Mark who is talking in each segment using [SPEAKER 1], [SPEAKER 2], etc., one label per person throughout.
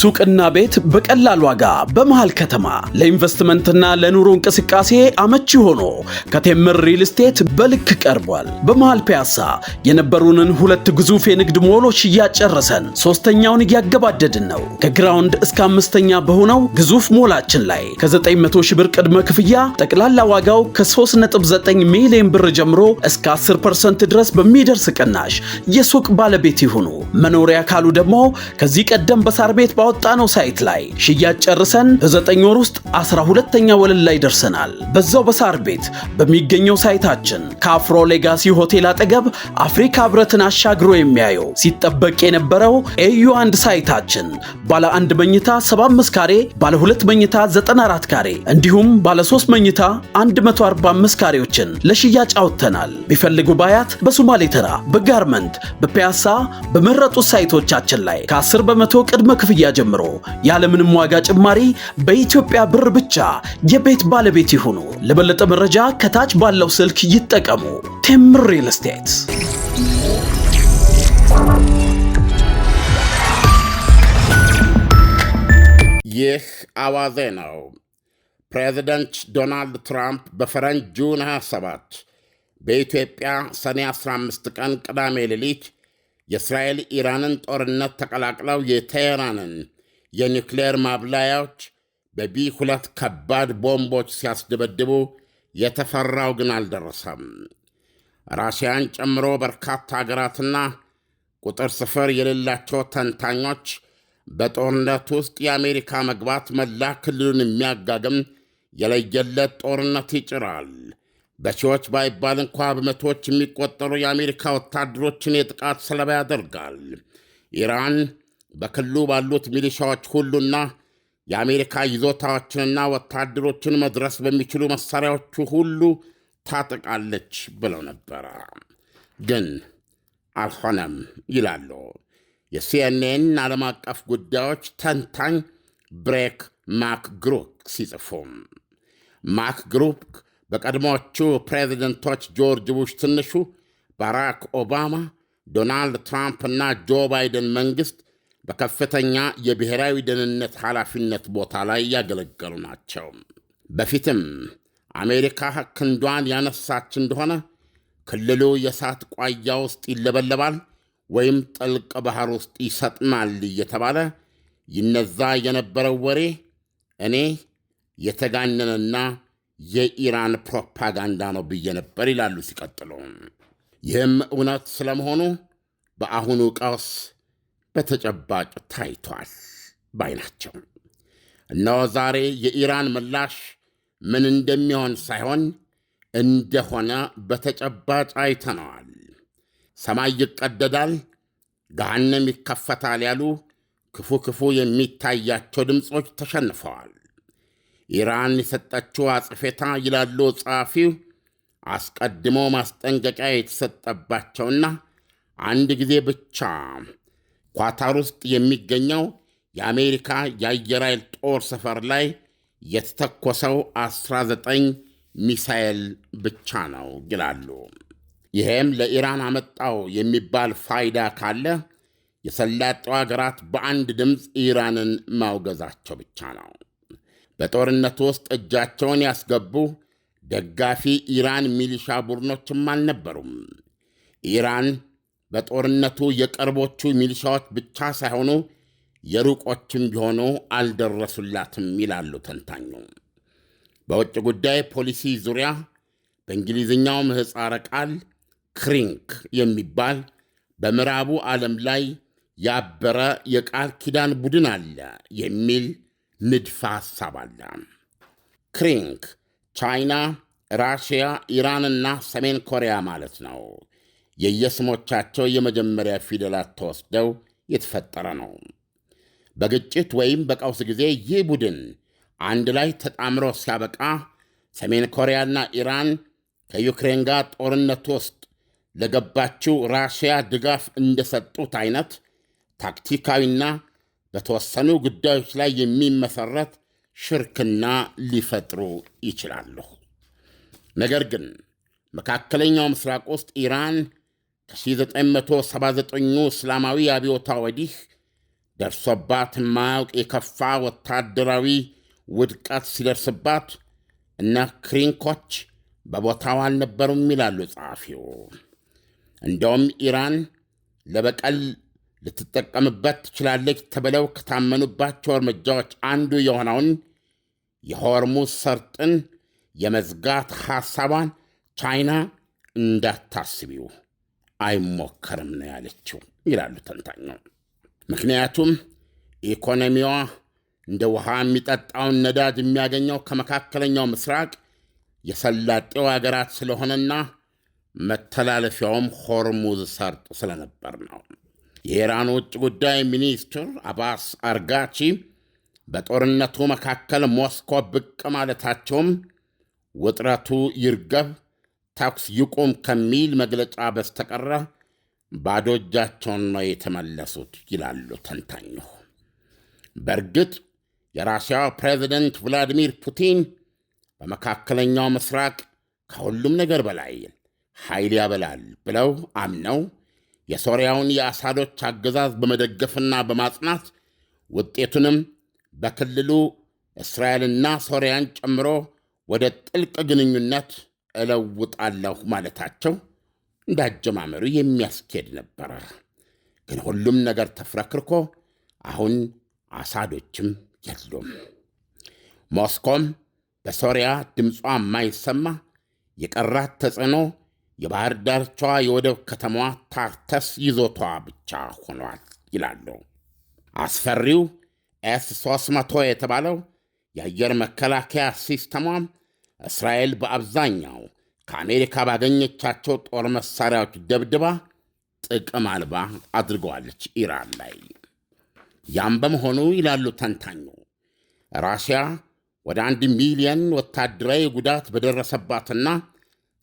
[SPEAKER 1] ሱቅና ቤት በቀላል ዋጋ በመሃል ከተማ ለኢንቨስትመንትና ለኑሮ እንቅስቃሴ አመቺ ሆኖ ከቴምር ሪል ስቴት በልክ ቀርቧል። በመሃል ፒያሳ የነበሩንን ሁለት ግዙፍ የንግድ ሞሎች እያጨረሰን ሶስተኛውን እያገባደድን ነው። ከግራውንድ እስከ አምስተኛ በሆነው ግዙፍ ሞላችን ላይ ከ900 ሺህ ብር ቅድመ ክፍያ ጠቅላላ ዋጋው ከ3.9 ሚሊዮን ብር ጀምሮ እስከ 10 ፐርሰንት ድረስ በሚደርስ ቅናሽ የሱቅ ባለቤት ይሁኑ። መኖሪያ ካሉ ደግሞ ከዚህ ቀደም በሳር ቤት ባወጣነው ሳይት ላይ ሽያጭ ጨርሰን በዘጠኝ ወር ውስጥ አስራ ሁለተኛ ወለል ላይ ደርሰናል። በዛው በሳር ቤት በሚገኘው ሳይታችን ከአፍሮ ሌጋሲ ሆቴል አጠገብ አፍሪካ ህብረትን አሻግሮ የሚያየው ሲጠበቅ የነበረው ኤዩ አንድ ሳይታችን ባለ አንድ መኝታ 75 ካሬ፣ ባለ ሁለት መኝታ 94 ካሬ እንዲሁም ባለ ሶስት መኝታ 145 ካሬዎችን ለሽያጭ አውጥተናል። ቢፈልጉ ባያት፣ በሶማሌ ተራ፣ በጋርመንት፣ በፒያሳ በመረጡት ሳይቶቻችን ላይ ከ10 በመቶ ቅድመ ክፍያ ክፍያ ጀምሮ ያለምንም ዋጋ ጭማሪ በኢትዮጵያ ብር ብቻ የቤት ባለቤት ይሁኑ። ለበለጠ መረጃ ከታች ባለው ስልክ ይጠቀሙ። ቴም ሪል ስቴት።
[SPEAKER 2] ይህ አዋዜ ነው። ፕሬዚደንት ዶናልድ ትራምፕ በፈረንጅ ጁን 27 በኢትዮጵያ ሰኔ 15 ቀን ቅዳሜ ሌሊት የእስራኤል ኢራንን ጦርነት ተቀላቅለው የቴህራንን የኒውክሌር ማብላያዎች በቢ ሁለት ከባድ ቦምቦች ሲያስደበድቡ የተፈራው ግን አልደረሰም። ራሽያን ጨምሮ በርካታ አገራትና ቁጥር ስፍር የሌላቸው ተንታኞች በጦርነት ውስጥ የአሜሪካ መግባት መላ ክልሉን የሚያጋግም የለየለት ጦርነት ይጭራል በሺዎች ባይባል እንኳ በመቶዎች የሚቆጠሩ የአሜሪካ ወታደሮችን የጥቃት ሰለባ ያደርጋል። ኢራን በክልሉ ባሉት ሚሊሻዎች ሁሉና የአሜሪካ ይዞታዎችንና ወታደሮችን መድረስ በሚችሉ መሣሪያዎቹ ሁሉ ታጠቃለች ብለው ነበረ፣ ግን አልሆነም ይላሉ የሲኤንኤን ዓለም አቀፍ ጉዳዮች ተንታኝ ብሬክ ማክ ግሩክ ሲጽፉም ማክ ግሩክ በቀድሞቹ ፕሬዚደንቶች ጆርጅ ቡሽ ትንሹ፣ ባራክ ኦባማ፣ ዶናልድ ትራምፕ እና ጆ ባይደን መንግሥት በከፍተኛ የብሔራዊ ደህንነት ኃላፊነት ቦታ ላይ ያገለገሉ ናቸው። በፊትም አሜሪካ ክንዷን ያነሳች እንደሆነ ክልሉ የእሳት ቋያ ውስጥ ይለበለባል ወይም ጥልቅ ባህር ውስጥ ይሰጥማል እየተባለ ይነዛ የነበረው ወሬ እኔ የተጋነነና የኢራን ፕሮፓጋንዳ ነው ብዬ ነበር ይላሉ ሲቀጥሉ። ይህም እውነት ስለመሆኑ በአሁኑ ቀውስ በተጨባጭ ታይቷል ባይ ናቸው። እነሆ ዛሬ የኢራን ምላሽ ምን እንደሚሆን ሳይሆን እንደሆነ በተጨባጭ አይተነዋል። ሰማይ ይቀደዳል፣ ገሃነም ይከፈታል ያሉ ክፉ ክፉ የሚታያቸው ድምፆች ተሸንፈዋል። ኢራን የሰጠችው አጽፌታ ይላሉ ጸሐፊው፣ አስቀድሞ ማስጠንቀቂያ የተሰጠባቸውና አንድ ጊዜ ብቻ ኳታር ውስጥ የሚገኘው የአሜሪካ የአየር ኃይል ጦር ሰፈር ላይ የተተኮሰው 19 ሚሳኤል ብቻ ነው ይላሉ። ይህም ለኢራን አመጣው የሚባል ፋይዳ ካለ የሰላጤው ሀገራት በአንድ ድምፅ ኢራንን ማውገዛቸው ብቻ ነው። በጦርነቱ ውስጥ እጃቸውን ያስገቡ ደጋፊ ኢራን ሚሊሻ ቡድኖችም አልነበሩም። ኢራን በጦርነቱ የቅርቦቹ ሚሊሻዎች ብቻ ሳይሆኑ የሩቆችም ቢሆኑ አልደረሱላትም ይላሉ ተንታኙ። በውጭ ጉዳይ ፖሊሲ ዙሪያ በእንግሊዝኛው ምህፃረ ቃል ክሪንክ የሚባል በምዕራቡ ዓለም ላይ ያበረ የቃል ኪዳን ቡድን አለ የሚል ንድፈ ሐሳብ አለ። ክሪንክ ቻይና፣ ራሽያ፣ ኢራንና ሰሜን ኮሪያ ማለት ነው። የየስሞቻቸው የመጀመሪያ ፊደላት ተወስደው የተፈጠረ ነው። በግጭት ወይም በቀውስ ጊዜ ይህ ቡድን አንድ ላይ ተጣምሮ ሲያበቃ ሰሜን ኮሪያና ኢራን ከዩክሬን ጋር ጦርነት ውስጥ ለገባችው ራሽያ ድጋፍ እንደሰጡት አይነት ታክቲካዊና በተወሰኑ ጉዳዮች ላይ የሚመሰረት ሽርክና ሊፈጥሩ ይችላሉ። ነገር ግን መካከለኛው ምስራቅ ውስጥ ኢራን ከ1979 እስላማዊ አብዮታ ወዲህ ደርሶባት የማያውቅ የከፋ ወታደራዊ ውድቀት ሲደርስባት እነ ክሪንኮች በቦታው አልነበሩም ይላሉ ጸሐፊው። እንደውም ኢራን ለበቀል ልትጠቀምበት ትችላለች ተብለው ከታመኑባቸው እርምጃዎች አንዱ የሆነውን የሆርሙዝ ሰርጥን የመዝጋት ሐሳቧን ቻይና እንዳታስቢው አይሞከርም ነው ያለችው ይላሉ ተንታኙ። ምክንያቱም ኢኮኖሚዋ እንደ ውሃ የሚጠጣውን ነዳጅ የሚያገኘው ከመካከለኛው ምስራቅ የሰላጤው አገራት ስለሆነና መተላለፊያውም ሆርሙዝ ሰርጥ ስለነበር ነው። የኢራን ውጭ ጉዳይ ሚኒስትር አባስ አርጋቺ በጦርነቱ መካከል ሞስኮ ብቅ ማለታቸውም ውጥረቱ ይርገብ፣ ተኩስ ይቁም ከሚል መግለጫ በስተቀረ ባዶ እጃቸውን ነው የተመለሱት ይላሉ ተንታኙ። በእርግጥ የራሽያው ፕሬዚደንት ቭላዲሚር ፑቲን በመካከለኛው ምስራቅ ከሁሉም ነገር በላይ ኃይል ያበላል ብለው አምነው የሶርያውን የአሳዶች አገዛዝ በመደገፍና በማጽናት ውጤቱንም በክልሉ እስራኤልና ሶርያን ጨምሮ ወደ ጥልቅ ግንኙነት እለውጣለሁ ማለታቸው እንዳጀማመሩ የሚያስኬድ ነበረ። ግን ሁሉም ነገር ተፍረክርኮ አሁን አሳዶችም የሉም። ሞስኮም በሶርያ ድምጿ የማይሰማ የቀራት ተጽዕኖ የባህር ዳርቻዋ የወደብ ከተማዋ ታርተስ ይዞቷ ብቻ ሆኗል ይላሉ። አስፈሪው ኤስ 300 የተባለው የአየር መከላከያ ሲስተሟም እስራኤል በአብዛኛው ከአሜሪካ ባገኘቻቸው ጦር መሳሪያዎች ደብድባ ጥቅም አልባ አድርገዋለች ኢራን ላይ። ያም በመሆኑ ይላሉ ተንታኙ ራሽያ ወደ አንድ ሚሊየን ወታደራዊ ጉዳት በደረሰባትና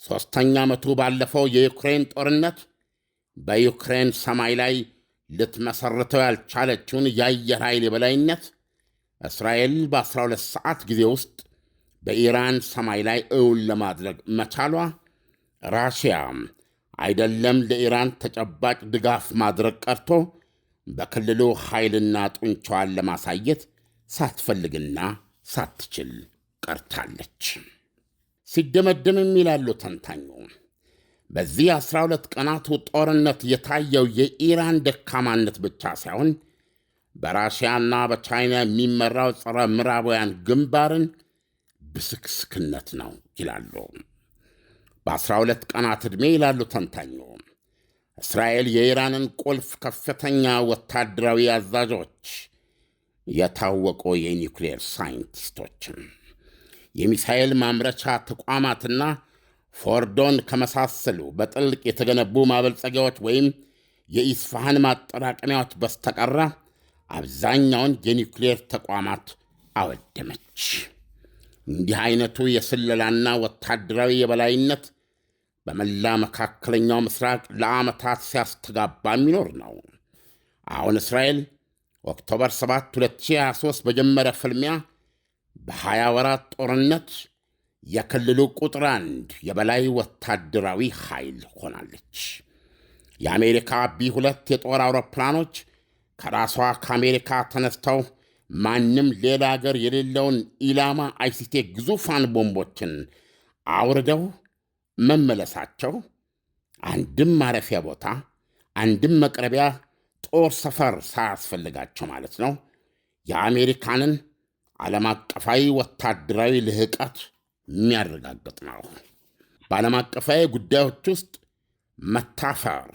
[SPEAKER 2] ሦስተኛ ዓመቱ ባለፈው የዩክሬን ጦርነት በዩክሬን ሰማይ ላይ ልትመሠርተው ያልቻለችውን የአየር ኃይል የበላይነት እስራኤል በ12 ሰዓት ጊዜ ውስጥ በኢራን ሰማይ ላይ እውን ለማድረግ መቻሏ ራሽያ አይደለም ለኢራን ተጨባጭ ድጋፍ ማድረግ ቀርቶ በክልሉ ኃይልና ጡንቻዋን ለማሳየት ሳትፈልግና ሳትችል ቀርታለች። ሲደመደምም ይላሉ ተንታኙ በዚህ 12 ቀናቱ ጦርነት የታየው የኢራን ደካማነት ብቻ ሳይሆን በራሽያና በቻይና የሚመራው ጸረ ምዕራባውያን ግንባርን ብስክስክነት ነው ይላሉ። በ12 ቀናት ዕድሜ ይላሉ ተንታኙ እስራኤል የኢራንን ቁልፍ ከፍተኛ ወታደራዊ አዛዦች፣ የታወቁ የኒውክሌር ሳይንቲስቶችን የሚሳኤል ማምረቻ ተቋማትና ፎርዶን ከመሳሰሉ በጥልቅ የተገነቡ ማበልጸጊያዎች ወይም የኢስፋሃን ማጠራቀሚያዎች በስተቀራ አብዛኛውን የኒውክሌር ተቋማት አወደመች። እንዲህ አይነቱ የስለላና ወታደራዊ የበላይነት በመላ መካከለኛው ምስራቅ ለዓመታት ሲያስተጋባ የሚኖር ነው። አሁን እስራኤል ኦክቶበር 7 2023 በጀመረ ፍልሚያ በሀያ ወራት ጦርነት የክልሉ ቁጥር አንድ የበላይ ወታደራዊ ኃይል ሆናለች። የአሜሪካ ቢ2 የጦር አውሮፕላኖች ከራሷ ከአሜሪካ ተነስተው ማንም ሌላ አገር የሌለውን ኢላማ አይሲቴ ግዙፋን ቦምቦችን አውርደው መመለሳቸው አንድም ማረፊያ ቦታ አንድም መቅረቢያ ጦር ሰፈር ሳያስፈልጋቸው ማለት ነው የአሜሪካንን ዓለም አቀፋዊ ወታደራዊ ልህቀት የሚያረጋግጥ ነው። በዓለም አቀፋዊ ጉዳዮች ውስጥ መታፈር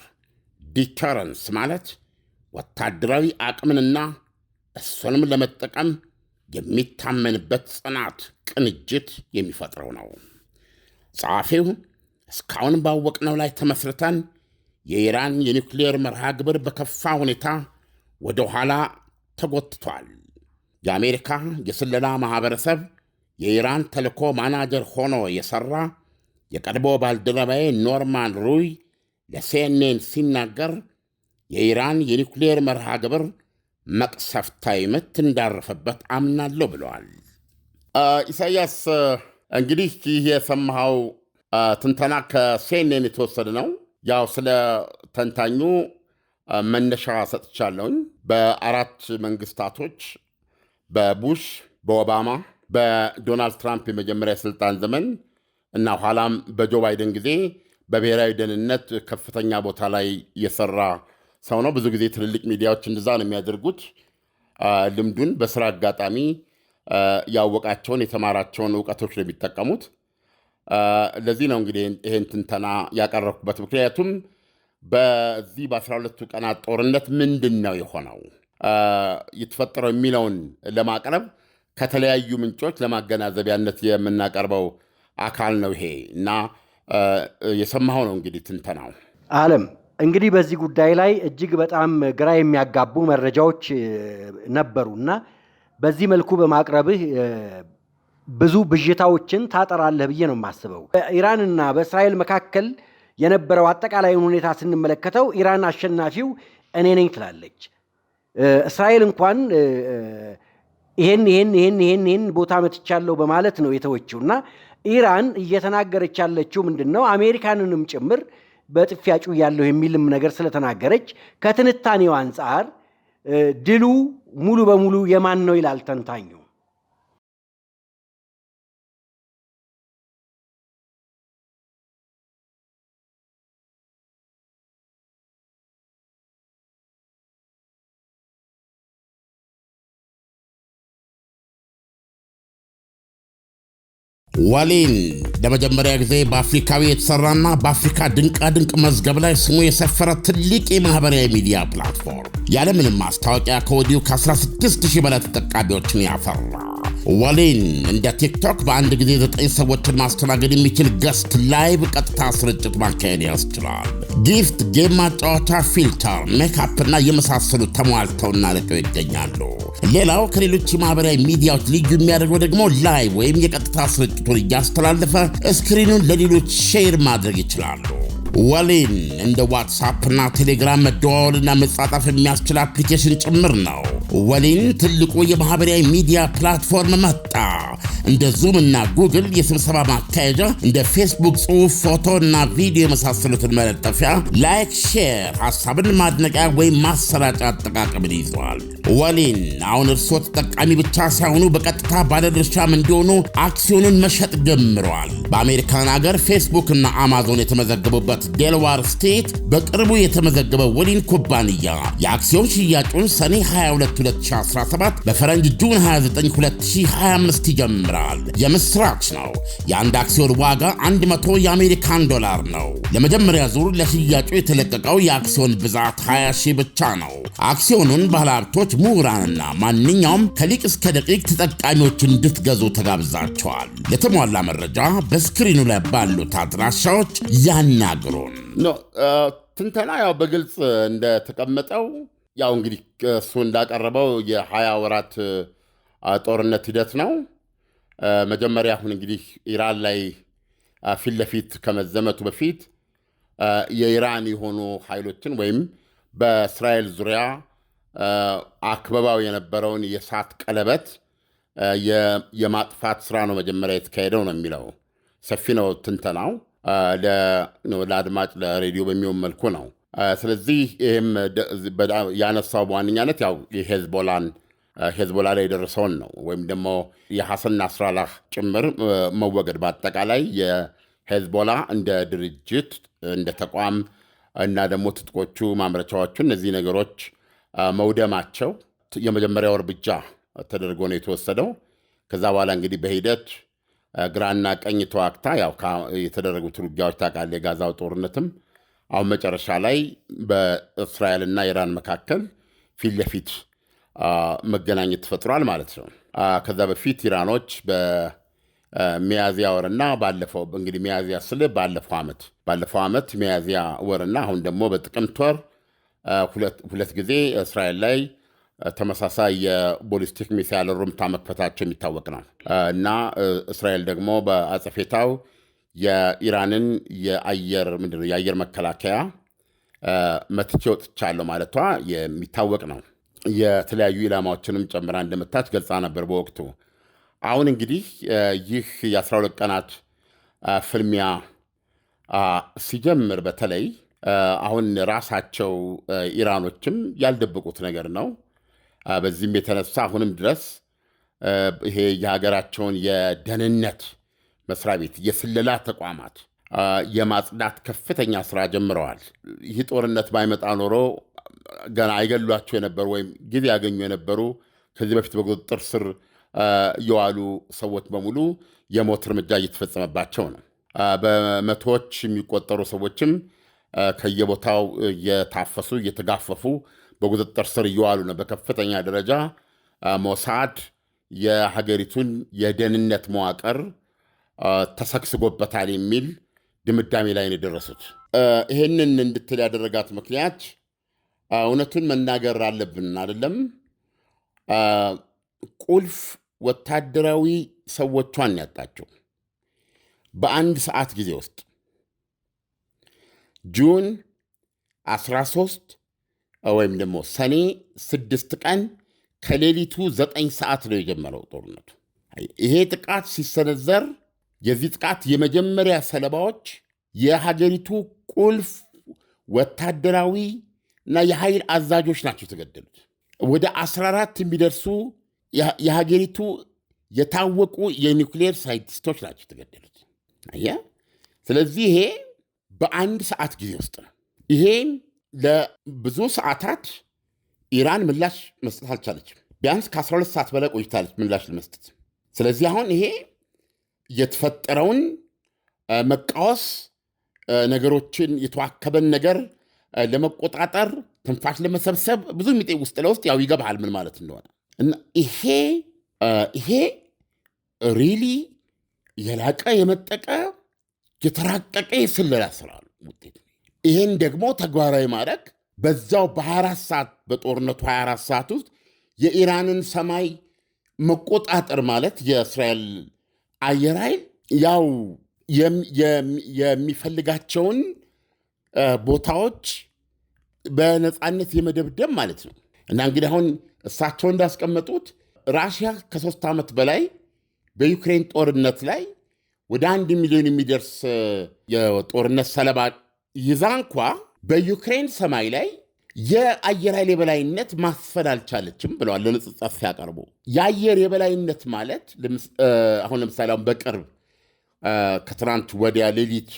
[SPEAKER 2] ዲተረንስ ማለት ወታደራዊ አቅምንና እሱንም ለመጠቀም የሚታመንበት ጽናት ቅንጅት የሚፈጥረው ነው። ጸሐፊው እስካሁን ባወቅነው ላይ ተመስርተን የኢራን የኒውክሌር መርሃ ግብር በከፋ ሁኔታ ወደ ኋላ ተጎትቷል የአሜሪካ የስለላ ማኅበረሰብ የኢራን ተልእኮ ማናጀር ሆኖ የሠራ የቀድሞ ባልደረባዬ ኖርማን ሩይ ለሲኤንኤን ሲናገር የኢራን የኒውክሌር መርሃ ግብር መቅሰፍታዊ ምት እንዳረፈበት አምናለሁ ብለዋል።
[SPEAKER 3] ኢሳያስ እንግዲህ ይህ የሰማኸው ትንተና ከሲኤንኤን የተወሰደ ነው። ያው ስለ ተንታኙ መነሻ ሰጥቻለሁኝ በአራት መንግስታቶች በቡሽ በኦባማ በዶናልድ ትራምፕ የመጀመሪያ ስልጣን ዘመን እና ኋላም በጆ ባይደን ጊዜ በብሔራዊ ደህንነት ከፍተኛ ቦታ ላይ የሰራ ሰው ነው። ብዙ ጊዜ ትልልቅ ሚዲያዎች እንደዛ ነው የሚያደርጉት። ልምዱን በስራ አጋጣሚ ያወቃቸውን የተማራቸውን እውቀቶች ነው የሚጠቀሙት። ለዚህ ነው እንግዲህ ይሄን ትንተና ያቀረብኩበት። ምክንያቱም በዚህ በ በ12ቱ ቀናት ጦርነት ምንድን ነው የሆነው? የተፈጠረው የሚለውን ለማቅረብ ከተለያዩ ምንጮች ለማገናዘቢያነት የምናቀርበው አካል ነው ይሄ እና የሰማኸው ነው እንግዲህ ትንተናው
[SPEAKER 4] አለም። እንግዲህ በዚህ ጉዳይ ላይ እጅግ በጣም ግራ የሚያጋቡ መረጃዎች ነበሩ እና በዚህ መልኩ በማቅረብህ ብዙ ብዥታዎችን ታጠራለህ ብዬ ነው የማስበው። በኢራንና በእስራኤል መካከል የነበረው አጠቃላይን ሁኔታ ስንመለከተው ኢራን አሸናፊው እኔ ነኝ ትላለች። እስራኤል እንኳን ይሄን ይሄን ይሄን ይሄን ይህን ቦታ መትቻለሁ በማለት ነው የተወችው እና ኢራን እየተናገረች ያለችው ምንድን ነው አሜሪካንንም ጭምር በጥፊያጩ ያለው የሚልም ነገር ስለተናገረች ከትንታኔው አንጻር ድሉ ሙሉ በሙሉ የማን ነው ይላል ተንታኙ።
[SPEAKER 5] Walil ለመጀመሪያ ጊዜ በአፍሪካዊ የተሰራና በአፍሪካ ድንቃድንቅ መዝገብ ላይ ስሙ የሰፈረ ትልቅ የማህበራዊ ሚዲያ ፕላትፎርም ያለምንም ማስታወቂያ ከወዲሁ ከ16000 በላይ ተጠቃሚዎችን ያፈራ ወሊን እንደ ቲክቶክ በአንድ ጊዜ ዘጠኝ ሰዎችን ማስተናገድ የሚችል ገስት ላይቭ ቀጥታ ስርጭት ማካሄድ ያስችላል። ጊፍት፣ ጌም ማጫወቻ፣ ፊልተር፣ ሜካፕ እና የመሳሰሉ ተሟልተውና ልቀው ይገኛሉ። ሌላው ከሌሎች የማህበራዊ ሚዲያዎች ልዩ የሚያደርገው ደግሞ ላይቭ ወይም የቀጥታ ስርጭቱን እያስተላለፈ ስክሪኑን ለሌሎች ሼር ማድረግ ይችላሉ። ወሊን እንደ ዋትሳፕና ቴሌግራም መደዋወልና መጻጣፍ የሚያስችል አፕሊኬሽን ጭምር ነው። ወሊን ትልቁ የማኅበራዊ ሚዲያ ፕላትፎርም መጣ። እንደ ዙም እና ጉግል የስብሰባ ማካሄጃ፣ እንደ ፌስቡክ ጽሑፍ፣ ፎቶ እና ቪዲዮ የመሳሰሉትን መለጠፊያ፣ ላይክ፣ ሼር፣ ሐሳብን ማድነቂያ ወይም ማሰራጫ አጠቃቀምን ይዘዋል። ወሊን አሁን እርስዎ ተጠቃሚ ብቻ ሳይሆኑ በቀጥታ ባለድርሻም እንዲሆኑ አክሲዮኑን መሸጥ ጀምረዋል። በአሜሪካን አገር ፌስቡክ እና አማዞን የተመዘገቡበት ዴልዋር ስቴት በቅርቡ የተመዘገበ ወሊን ኩባንያ የአክሲዮን ሽያጩን ሰኔ 22 2017 በፈረንጅ ጁን 29 2025 ይጀምራል። የምስራች ነው። የአንድ አክሲዮን ዋጋ 100 የአሜሪካን ዶላር ነው። ለመጀመሪያ ዙር ለሽያጩ የተለቀቀው የአክሲዮን ብዛት 20 ሺህ ብቻ ነው። አክሲዮኑን ባለሀብቶች ምሁራንና ማንኛውም ከሊቅ እስከ ደቂቅ ተጠቃሚዎች እንድትገዙ ተጋብዛቸዋል። የተሟላ መረጃ በስክሪኑ ላይ ባሉት አድራሻዎች ያናግሩን።
[SPEAKER 3] ትንተና ያው በግልጽ እንደተቀመጠው ያው እንግዲህ እሱ እንዳቀረበው የሀያ ወራት ጦርነት ሂደት ነው። መጀመሪያ አሁን እንግዲህ ኢራን ላይ ፊት ለፊት ከመዘመቱ በፊት የኢራን የሆኑ ኃይሎችን ወይም በእስራኤል ዙሪያ አክበባው የነበረውን የእሳት ቀለበት የማጥፋት ስራ ነው መጀመሪያ የተካሄደው ነው የሚለው። ሰፊ ነው ትንተናው፣ ለአድማጭ ለሬዲዮ በሚሆን መልኩ ነው። ስለዚህ ይህም ያነሳው በዋነኛነት ያው የሄዝቦላን ሄዝቦላ ላይ የደረሰውን ነው ወይም ደግሞ የሐሰን ናስራላህ ጭምር መወገድ በአጠቃላይ የሄዝቦላ እንደ ድርጅት እንደ ተቋም እና ደግሞ ትጥቆቹ ማምረቻዎቹ እነዚህ ነገሮች መውደማቸው የመጀመሪያው እርምጃ ተደርጎ ነው የተወሰደው። ከዛ በኋላ እንግዲህ በሂደት ግራና ቀኝ ተዋግታ ያው ውጊያዎች ታውቃለህ። የጋዛው ጦርነትም አሁን መጨረሻ ላይ በእስራኤልና ኢራን መካከል ፊት ለፊት መገናኘት ተፈጥሯል ማለት ነው። ከዛ በፊት ኢራኖች በሚያዚያ ወርና ባለፈው እንግዲህ ሚያዚያ ስል ባለፈው ዓመት ባለፈው ዓመት ሚያዚያ ወርና አሁን ደግሞ በጥቅምት ወር ሁለት ጊዜ እስራኤል ላይ ተመሳሳይ የቦሊስቲክ ሚሳይል ሩምታ መክፈታቸው የሚታወቅ ነው እና እስራኤል ደግሞ በአጸፌታው የኢራንን የአየር ምንድን ነው የአየር መከላከያ መትቼ ወጥቻለሁ ማለቷ የሚታወቅ ነው። የተለያዩ ኢላማዎችንም ጨምራ እንደመታች ገልጻ ነበር በወቅቱ። አሁን እንግዲህ ይህ የ12 ቀናት ፍልሚያ ሲጀምር በተለይ አሁን ራሳቸው ኢራኖችም ያልደበቁት ነገር ነው። በዚህም የተነሳ አሁንም ድረስ ይሄ የሀገራቸውን የደህንነት መስሪያ ቤት የስለላ ተቋማት የማጽዳት ከፍተኛ ስራ ጀምረዋል። ይህ ጦርነት ባይመጣ ኖሮ ገና አይገሏቸው የነበሩ ወይም ጊዜ ያገኙ የነበሩ ከዚህ በፊት በቁጥጥር ስር የዋሉ ሰዎች በሙሉ የሞት እርምጃ እየተፈጸመባቸው ነው። በመቶዎች የሚቆጠሩ ሰዎችም ከየቦታው እየታፈሱ እየተጋፈፉ በቁጥጥር ስር እየዋሉ ነው። በከፍተኛ ደረጃ ሞሳድ የሀገሪቱን የደህንነት መዋቅር ተሰግስጎበታል የሚል ድምዳሜ ላይ ነው የደረሱት። ይህንን እንድትል ያደረጋት ምክንያት እውነቱን መናገር አለብን አይደለም። ቁልፍ ወታደራዊ ሰዎቿን ያጣቸው በአንድ ሰዓት ጊዜ ውስጥ ጁን 13 ወይም ደግሞ ሰኔ 6 ቀን ከሌሊቱ 9 ሰዓት ነው የጀመረው ጦርነቱ። ይሄ ጥቃት ሲሰነዘር የዚህ ጥቃት የመጀመሪያ ሰለባዎች የሀገሪቱ ቁልፍ ወታደራዊ እና የኃይል አዛዦች ናቸው የተገደሉት። ወደ 14 የሚደርሱ የሀገሪቱ የታወቁ የኒውክሌር ሳይንቲስቶች ናቸው የተገደሉት። ስለዚህ ይሄ በአንድ ሰዓት ጊዜ ውስጥ ነው። ይሄን ለብዙ ሰዓታት ኢራን ምላሽ መስጠት አልቻለችም። ቢያንስ ከ12 ሰዓት በላይ ቆይታለች ምላሽ ለመስጠት። ስለዚህ አሁን ይሄ የተፈጠረውን መቃወስ ነገሮችን የተዋከበን ነገር ለመቆጣጠር ትንፋሽ ለመሰብሰብ ብዙ የሚጤ ውስጥ ለውስጥ ያው ይገባሃል ምን ማለት እንደሆነ እና ይሄ ይሄ ሪሊ የላቀ የመጠቀ የተራቀቀ የስለላ ስራ ውጤት። ይህን ደግሞ ተግባራዊ ማድረግ በዛው በ24 ሰዓት በጦርነቱ 24 ሰዓት ውስጥ የኢራንን ሰማይ መቆጣጠር ማለት የእስራኤል አየር ኃይል ያው የሚፈልጋቸውን ቦታዎች በነፃነት የመደብደብ ማለት ነው። እና እንግዲህ አሁን እሳቸው እንዳስቀመጡት ራሽያ ከሶስት ዓመት በላይ በዩክሬን ጦርነት ላይ ወደ አንድ ሚሊዮን የሚደርስ የጦርነት ሰለባ ይዛ እንኳ በዩክሬን ሰማይ ላይ የአየር ኃይል የበላይነት ማስፈን አልቻለችም ብለዋል ለንጽጻት ሲያቀርቡ። የአየር የበላይነት ማለት አሁን ለምሳሌ አሁን በቅርብ ከትናንት ወዲያ ሌሊት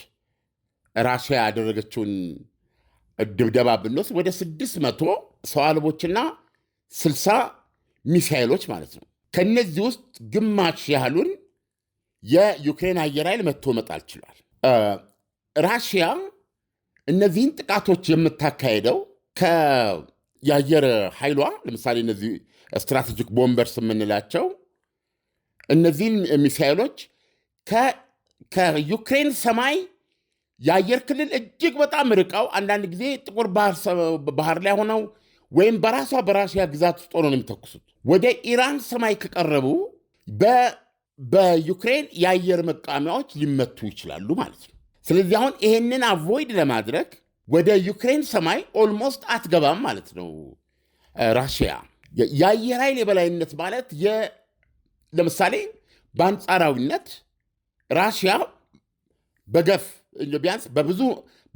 [SPEAKER 3] ራሽያ ያደረገችውን ድብደባ ብንወስድ ወደ ስድስት መቶ ሰው አልቦችና ስልሳ ሚሳይሎች ማለት ነው። ከነዚህ ውስጥ ግማሽ ያህሉን የዩክሬን አየር ኃይል መጥቶ መጣል ችሏል። ራሽያ እነዚህን ጥቃቶች የምታካሄደው የአየር ኃይሏ ለምሳሌ እነዚህ ስትራቴጂክ ቦምበርስ የምንላቸው እነዚህን ሚሳይሎች ከዩክሬን ሰማይ የአየር ክልል እጅግ በጣም ርቀው አንዳንድ ጊዜ ጥቁር ባህር ላይ ሆነው ወይም በራሷ በራሽያ ግዛት ውስጥ ሆነው ነው የሚተኩሱት። ወደ ኢራን ሰማይ ከቀረቡ በዩክሬን የአየር መቃወሚያዎች ሊመቱ ይችላሉ ማለት ነው። ስለዚህ አሁን ይሄንን አቮይድ ለማድረግ ወደ ዩክሬን ሰማይ ኦልሞስት አትገባም ማለት ነው ራሽያ። የአየር ኃይል የበላይነት ማለት ለምሳሌ በአንጻራዊነት ራሽያ በገፍ ቢያንስ በብዙ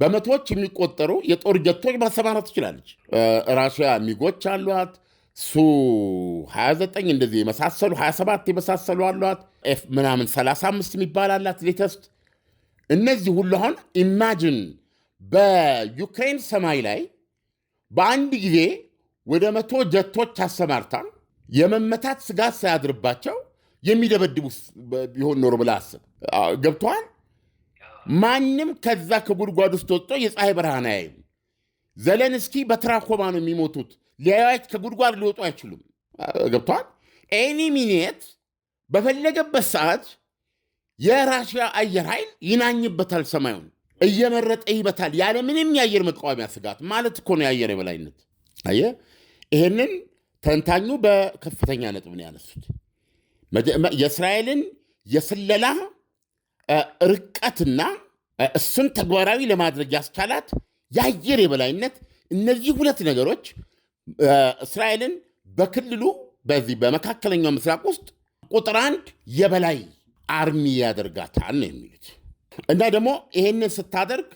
[SPEAKER 3] በመቶዎች የሚቆጠሩ የጦር ጀቶች ማሰማራት ትችላለች። ራሽያ ሚጎች አሏት፣ ሱ 29 እንደዚህ የመሳሰሉ 27 የመሳሰሉ አሏት። ኤፍ ምናምን 35 የሚባል አላት ሌተስት። እነዚህ ሁሉ አሁን ኢማጅን በዩክሬን ሰማይ ላይ በአንድ ጊዜ ወደ መቶ ጀቶች አሰማርታ የመመታት ስጋት ሳያድርባቸው የሚደበድቡ ቢሆን ኖሮ ብላ አስብ። ገብተዋል። ማንም ከዛ ከጉድጓድ ውስጥ ወጥቶ የፀሐይ ብርሃን አያይም። ዘለንስኪ በትራኮማ ነው የሚሞቱት ሊያዩት ከጉድጓድ ሊወጡ አይችሉም። ገብተዋል። ኤኒ ሚኒት በፈለገበት ሰዓት የራሽያ አየር ኃይል ይናኝበታል፣ ሰማዩን እየመረጠ ይበታል፣ ያለ ምንም የአየር መቃወሚያ ስጋት። ማለት እኮ ነው የአየር የበላይነት። አየ ይህንን ተንታኙ በከፍተኛ ነጥብ ነው ያነሱት። የእስራኤልን የስለላ ርቀትና እሱን ተግባራዊ ለማድረግ ያስቻላት የአየር የበላይነት፣ እነዚህ ሁለት ነገሮች እስራኤልን በክልሉ በዚህ በመካከለኛው ምስራቅ ውስጥ ቁጥር አንድ የበላይ አርሚ ያደርጋታል ነው የሚሉት እና ደግሞ ይሄንን ስታደርግ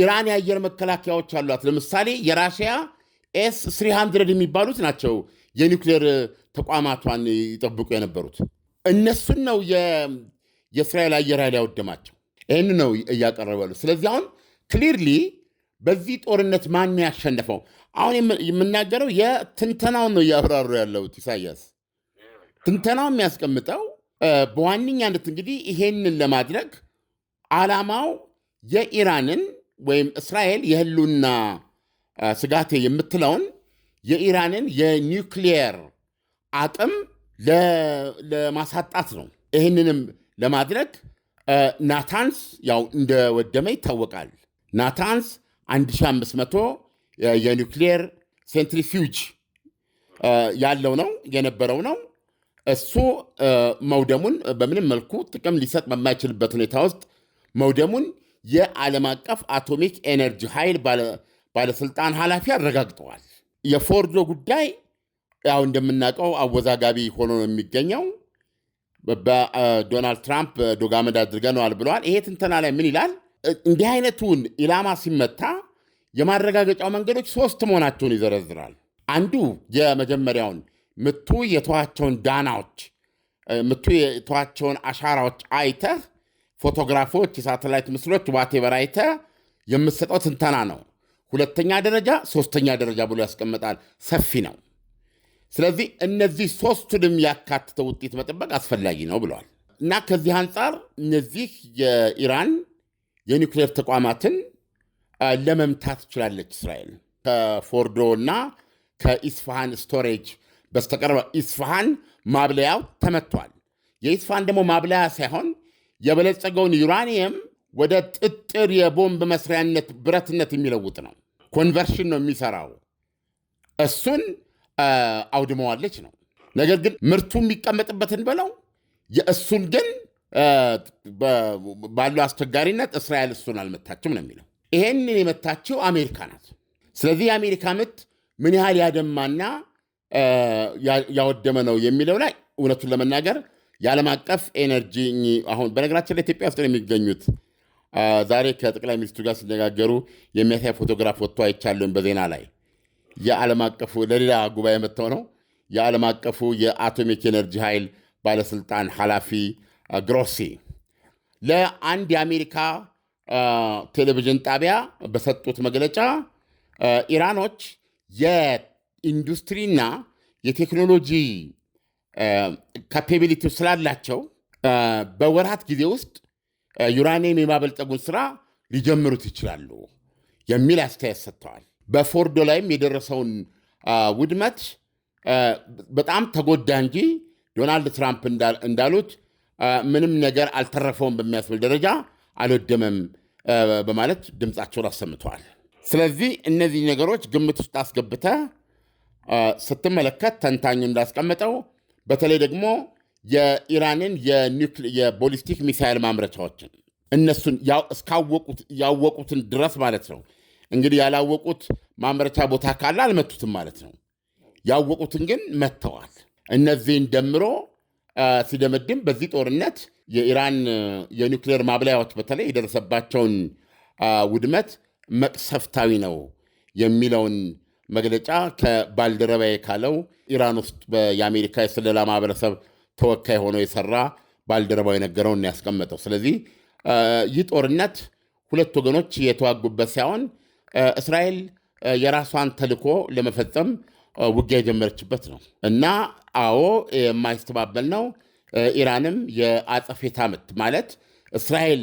[SPEAKER 3] ኢራን የአየር መከላከያዎች አሏት። ለምሳሌ የራሽያ ኤስ 300 የሚባሉት ናቸው የኒውክሌር ተቋማቷን ይጠብቁ የነበሩት እነሱን ነው የእስራኤል አየር ኃይል ያወደማቸው። ይህን ነው እያቀረበሉ። ስለዚህ አሁን ክሊርሊ በዚህ ጦርነት ማን ያሸነፈው? አሁን የምናገረው የትንተናውን ነው እያብራሩ ያለሁት ኢሳያስ። ትንተናው የሚያስቀምጠው በዋነኛነት እንግዲህ ይሄንን ለማድረግ ዓላማው የኢራንን ወይም እስራኤል የህሉና ስጋቴ የምትለውን የኢራንን የኒውክሊየር አቅም ለማሳጣት ነው። ይህንንም ለማድረግ ናታንስ ያው እንደወደመ ይታወቃል። ናታንስ 1500 የኒውክሌር ሴንትሪፊውጅ ያለው ነው የነበረው ነው። እሱ መውደሙን በምንም መልኩ ጥቅም ሊሰጥ በማይችልበት ሁኔታ ውስጥ መውደሙን የዓለም አቀፍ አቶሚክ ኤነርጂ ኃይል ባለስልጣን ኃላፊ አረጋግጠዋል። የፎርዶ ጉዳይ ያው እንደምናውቀው አወዛጋቢ ሆኖ ነው የሚገኘው። በዶናልድ ትራምፕ ዶጋመድ አድርገነዋል ብለዋል። ይሄ ትንተና ላይ ምን ይላል? እንዲህ አይነቱን ኢላማ ሲመታ የማረጋገጫው መንገዶች ሶስት መሆናቸውን ይዘረዝራል። አንዱ የመጀመሪያውን ምቱ የተዋቸውን ዳናዎች ምቱ የተዋቸውን አሻራዎች አይተህ ፎቶግራፎች፣ የሳተላይት ምስሎች፣ ዋቴበር አይተህ የምትሰጠው ትንተና ነው። ሁለተኛ ደረጃ፣ ሶስተኛ ደረጃ ብሎ ያስቀምጣል። ሰፊ ነው። ስለዚህ እነዚህ ሶስቱንም ያካትተው ውጤት መጠበቅ አስፈላጊ ነው ብለዋል እና ከዚህ አንጻር እነዚህ የኢራን የኒውክሌር ተቋማትን ለመምታት ትችላለች እስራኤል ከፎርዶ እና ከኢስፋሃን ስቶሬጅ በስተቀር ኢስፋሃን ማብለያው ተመቷል። የኢስፋሃን ደግሞ ማብለያ ሳይሆን የበለጸገውን ዩራኒየም ወደ ጥጥር የቦምብ መስሪያነት ብረትነት የሚለውጥ ነው። ኮንቨርሽን ነው የሚሰራው። እሱን አውድመዋለች ነው። ነገር ግን ምርቱ የሚቀመጥበትን በለው የእሱን ግን ባለው አስቸጋሪነት እስራኤል እሱን አልመታችም ነው የሚለው። ይሄንን የመታችው አሜሪካ ናት። ስለዚህ የአሜሪካ ምት ምን ያህል ያደማና ያወደመ ነው የሚለው ላይ እውነቱን ለመናገር የዓለም አቀፍ ኤነርጂ አሁን በነገራችን ላይ ኢትዮጵያ ውስጥ የሚገኙት። ዛሬ ከጠቅላይ ሚኒስትሩ ጋር ሲነጋገሩ የሚያሳይ ፎቶግራፍ ወጥቶ አይቻለን በዜና ላይ የዓለም አቀፉ ለሌላ ጉባኤ መጥተው ነው የዓለም አቀፉ የአቶሚክ ኤነርጂ ኃይል ባለስልጣን ኃላፊ ግሮሲ ለአንድ የአሜሪካ ቴሌቪዥን ጣቢያ በሰጡት መግለጫ ኢራኖች የኢንዱስትሪና የቴክኖሎጂ ካፔቢሊቲ ስላላቸው በወራት ጊዜ ውስጥ ዩራኒየም የማበልጸጉን ስራ ሊጀምሩት ይችላሉ የሚል አስተያየት ሰጥተዋል። በፎርዶ ላይም የደረሰውን ውድመት በጣም ተጎዳ እንጂ ዶናልድ ትራምፕ እንዳሉት ምንም ነገር አልተረፈውም በሚያስብል ደረጃ አልወደመም በማለት ድምፃቸውን አሰምተዋል። ስለዚህ እነዚህ ነገሮች ግምት ውስጥ አስገብተ ስትመለከት ተንታኙ እንዳስቀመጠው በተለይ ደግሞ የኢራንን የቦሊስቲክ ሚሳይል ማምረቻዎችን እነሱን እስካወቁት ያወቁትን ድረስ ማለት ነው። እንግዲህ ያላወቁት ማምረቻ ቦታ ካለ አልመቱትም ማለት ነው። ያወቁትን ግን መጥተዋል። እነዚህን ደምሮ ሲደመድም በዚህ ጦርነት የኢራን የኒውክሌር ማብላያዎች በተለይ የደረሰባቸውን ውድመት መቅሰፍታዊ ነው የሚለውን መግለጫ ከባልደረባዬ ካለው ኢራን ውስጥ የአሜሪካ የስለላ ማህበረሰብ ተወካይ ሆኖ የሰራ ባልደረባው የነገረውን ያስቀመጠው። ስለዚህ ይህ ጦርነት ሁለት ወገኖች የተዋጉበት ሳይሆን እስራኤል የራሷን ተልዕኮ ለመፈጸም ውጊያ የጀመረችበት ነው እና አዎ የማይስተባበል ነው። ኢራንም የአጸፌታ ምት ማለት እስራኤል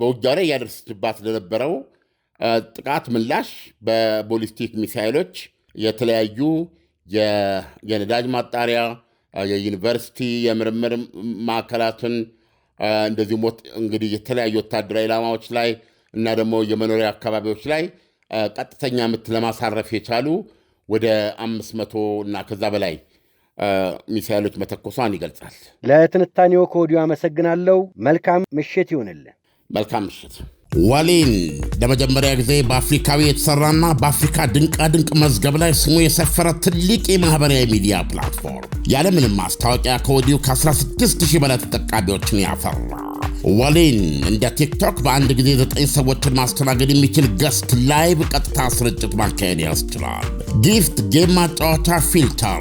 [SPEAKER 3] በውጊያው ላይ እያደረሰችባት ለነበረው ጥቃት ምላሽ በቦሊስቲክ ሚሳይሎች የተለያዩ የነዳጅ ማጣሪያ፣ የዩኒቨርሲቲ የምርምር ማዕከላትን እንደዚሁም እንግዲህ የተለያዩ ወታደራዊ ኢላማዎች ላይ እና ደግሞ የመኖሪያ አካባቢዎች ላይ ቀጥተኛ ምት ለማሳረፍ የቻሉ ወደ አምስት መቶ እና ከዛ በላይ ሚሳይሎች መተኮሷን ይገልጻል።
[SPEAKER 4] ለትንታኔው ከወዲሁ አመሰግናለሁ። መልካም ምሽት ይሁንልን።
[SPEAKER 3] መልካም ምሽት።
[SPEAKER 5] ዋሊን ለመጀመሪያ ጊዜ በአፍሪካዊ የተሰራና በአፍሪካ ድንቃድንቅ መዝገብ ላይ ስሙ የሰፈረ ትልቅ የማህበራዊ ሚዲያ ፕላትፎርም ያለምንም ማስታወቂያ ከወዲሁ ከ16 ሺህ በላይ ተጠቃሚዎችን ያፈራ ወሊን እንደ ቲክቶክ በአንድ ጊዜ ዘጠኝ ሰዎችን ማስተናገድ የሚችል ገስት ላይቭ ቀጥታ ስርጭት ማካሄድ ያስችላል። ጊፍት፣ ጌም ማጫወቻ፣ ፊልተር፣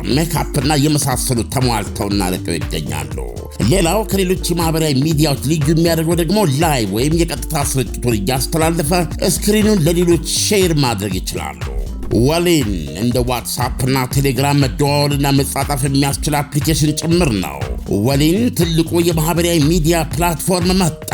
[SPEAKER 5] እና የመሳሰሉ ተሟልተውና ልቀው ይገኛሉ። ሌላው ከሌሎች የማህበራዊ ሚዲያዎች ልዩ የሚያደርገው ደግሞ ላይቭ ወይም የቀጥታ ስርጭቱን እያስተላለፈ ስክሪኑን ለሌሎች ሼር ማድረግ ይችላሉ። ወሊን እንደ ዋትሳፕና ቴሌግራም መደዋወልና መጻጣፍ የሚያስችል አፕሊኬሽን ጭምር ነው። ወሊን ትልቁ የማህበራዊ ሚዲያ ፕላትፎርም መጣ።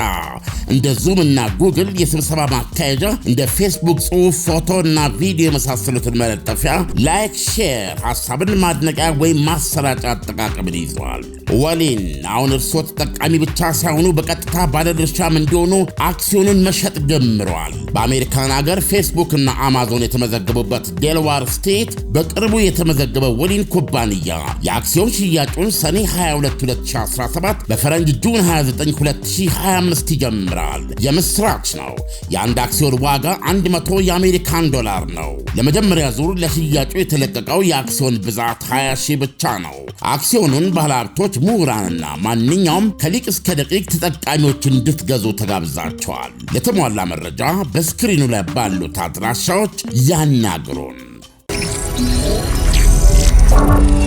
[SPEAKER 5] እንደ ዙም እና ጉግል የስብሰባ ማካሄጃ፣ እንደ ፌስቡክ ጽሑፍ፣ ፎቶ እና ቪዲዮ የመሳሰሉትን መለጠፊያ፣ ላይክ፣ ሼር፣ ሀሳብን ማድነቂያ ወይም ማሰራጫ አጠቃቀምን ይዘዋል። ወሊን አሁን እርስዎ ተጠቃሚ ብቻ ሳይሆኑ በቀጥታ ባለድርሻም እንዲሆኑ አክሲዮኑን መሸጥ ጀምረዋል። በአሜሪካን አገር ፌስቡክ እና አማዞን የተመዘገቡበት ዴልዋር ስቴት በቅርቡ የተመዘገበ ወሊን ኩባንያ የአክሲዮን ሽያጩን ሰኔ 22 2017 በፈረንጅ ጁን 29 2025 ይጀምራል። የምስራች ነው። የአንድ አክሲዮን ዋጋ 100 የአሜሪካን ዶላር ነው። ለመጀመሪያ ዙር ለሽያጩ የተለቀቀው የአክሲዮን ብዛት 20 ሺህ ብቻ ነው። አክሲዮኑን ባለሀብቶች ሰዎች፣ ምሁራንና ማንኛውም ከሊቅ እስከ ደቂቅ ተጠቃሚዎች እንድትገዙ ተጋብዛቸዋል። የተሟላ መረጃ በስክሪኑ ላይ ባሉት አድራሻዎች ያናግሩን።